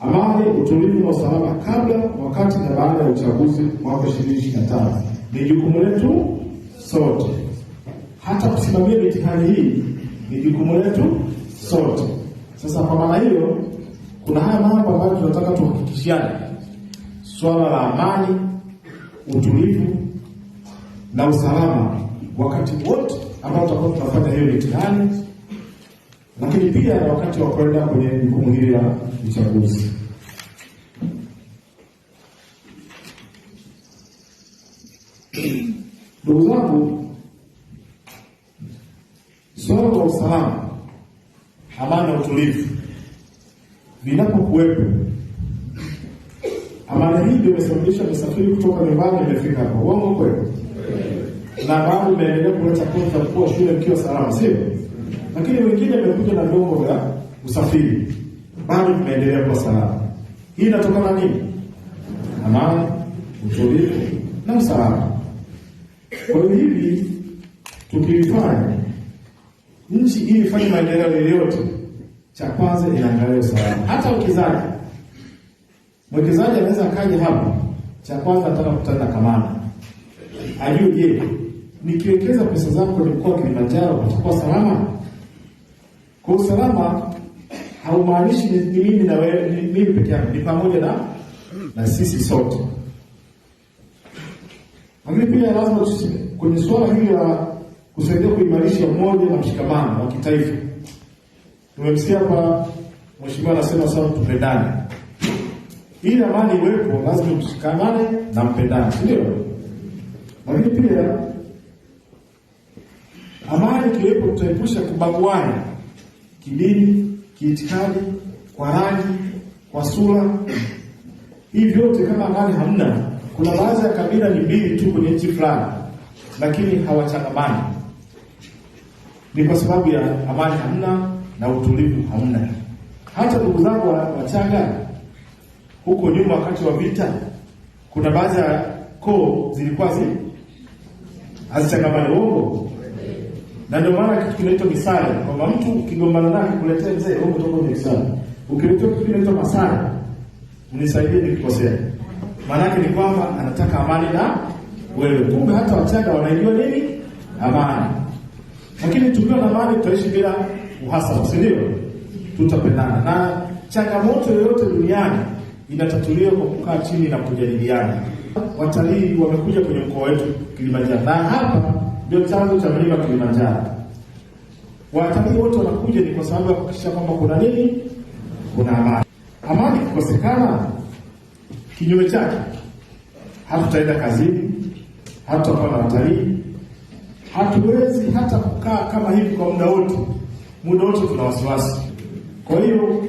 amani, utulivu na usalama kabla, wakati na baada ya uchaguzi mwaka 2025. Ni jukumu letu sote, hata kusimamia mitihani hii ni jukumu letu sote. Sasa kwa maana hiyo, kuna haya mambo ambayo tunataka tuhakikishiane, swala la amani, utulivu na usalama wakati wote ambao tutakuwa tunafanya hiyo mitihani lakini pia na wakati wa kwenda kwenye jukumu hili la uchaguzi. Ndugu zangu, swala la usalama, amani na utulivu vinapokuwepo, amani hii ndio imesababisha misafiri kutoka nyumbani imefika hapa. Uongo kweli? Na bado imeendelea kuleta kuta kuwa shule mkiwa salama, sio? lakini wengine wamekuja na vyombo vya usafiri, bado tunaendelea kwa salama. Hii inatokana nini? Amani, utulivu na usalama. Kwa hiyo hivi tukilifanya nchi ili ifanye maendeleo yoyote, cha kwanza inaangalia usalama. Hata uwekezaji, mwekezaji anaweza akaja hapa, cha kwanza anataka kukutana na kamanda, ajue je, nikiwekeza pesa zangu kwenye mkoa wa Kilimanjaro utakuwa salama? Kwa usalama haumaanishi ni mimi na wewe, ni mimi peke yangu, ni pamoja na na sisi sote. Lakini pia lazima kwenye suala hili la kusaidia kuimarisha umoja na mshikamano wa kitaifa, tumemsikia hapa mheshimiwa anasema sana tupendane. Ili amani iwepo, lazima mshikamane na mpendane, si ndio? Lakini pia amani kiwepo tutaepusha kubaguana kidini, kiitikadi, kwa rangi, kwa sura. Hivi vyote kama amani hamna. Kuna baadhi ya kabila ni mbili tu kwenye nchi fulani, lakini hawachangamani. Ni kwa sababu ya amani hamna na utulivu hamna. Hata ndugu zangu Wachagga huko nyuma, wakati wa vita, kuna baadhi ya koo zilikuwa zi hazichangamani, uongo na ndio maana kitu kinaitwa misale, kwamba mtu ukigombana naye kuletea mzee wewe kutoka kwenye misale. ukiletea kitu kinaitwa masala, unisaidie nikikosea. Maana yake ni kwamba anataka amani na wewe. Kumbe hata Wachaga wanaijua nini? Amani. Lakini tukiwa na amani tutaishi bila uhasama, si ndio? Tutapendana. Na changamoto yoyote duniani inatatuliwa kwa kukaa chini na kujadiliana. Watalii wamekuja kwenye mkoa wetu Kilimanjaro na hapa ndio chanzo cha mlima Kilimanjaro. Watalii wote wanakuja ni kwa sababu ya kuhakikisha kwamba kuna nini? Kuna amani. Amani kukosekana kinyume chake, hatutaenda kazini, hatutakuwa na watalii, hatuwezi hata kukaa kama hivi kwa muda wote. Muda wote tuna wasiwasi. Kwa hiyo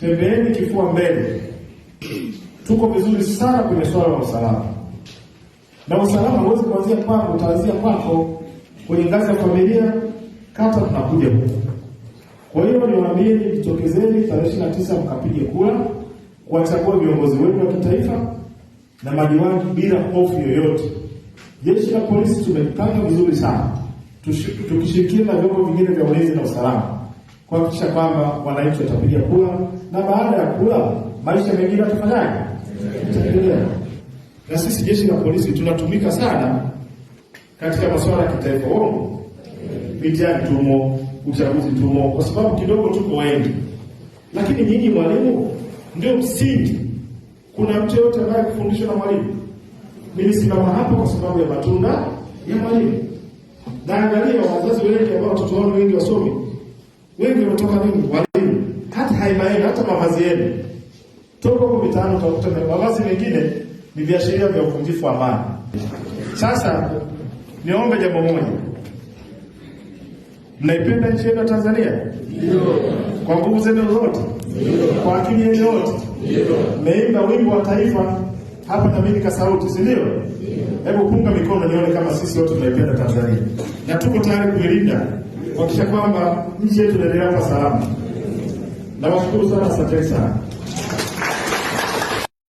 tembeeni kifua mbele. Tuko vizuri sana kwenye swala la usalama, na usalama huwezi kuanzia kwako, utaanzia kwako kwenye ngazi ya familia kata tunakuja huko. Kwa hiyo niwaambieni, jitokezeni tarehe ishirini na tisa mkapige kura kuwachagua viongozi wetu wa kitaifa na madiwani bila hofu yoyote. Jeshi la polisi tumepanga vizuri sana, tukishirikiana na vyombo vingine vya ulinzi na usalama kuhakikisha kwamba wananchi watapiga kura, na baada ya kura maisha mengine watafanyaje? na sisi. Jeshi la polisi tunatumika sana katika masuala ya kitaifa wongo, mitihani tumo, uchaguzi tumo, kwa sababu kidogo tuko wengi, lakini nyinyi mwalimu ndio msingi. Kuna mtu yoyote ambaye kufundishwa na mwalimu? Mimi Nilisimama hapo kwa sababu ya matunda ya mwalimu. Naangalia wazazi wengi ambao watoto wao wengi wasomi, wengi wametoka nini? Walimu. Hata haibaeni, hata mavazi yenu, toka huko mitaani utakuta mavazi mengine ni viashiria vya uvunjifu wa amani. Sasa niombe jambo moja, mnaipenda nchi yenu ya Tanzania? Ndio. Kwa nguvu zenu zote? Ndio. Kwa akili yenu yote? Ndio. Mmeimba wimbo wa taifa hapa na mimi kasauti, si ndio? Hebu punga mikono nione kama sisi wote tunaipenda Tanzania na tuko tayari kuilinda kuhakikisha kwamba nchi yetu inaendelea kwa salama. Nawashukuru sana, asanteni sana.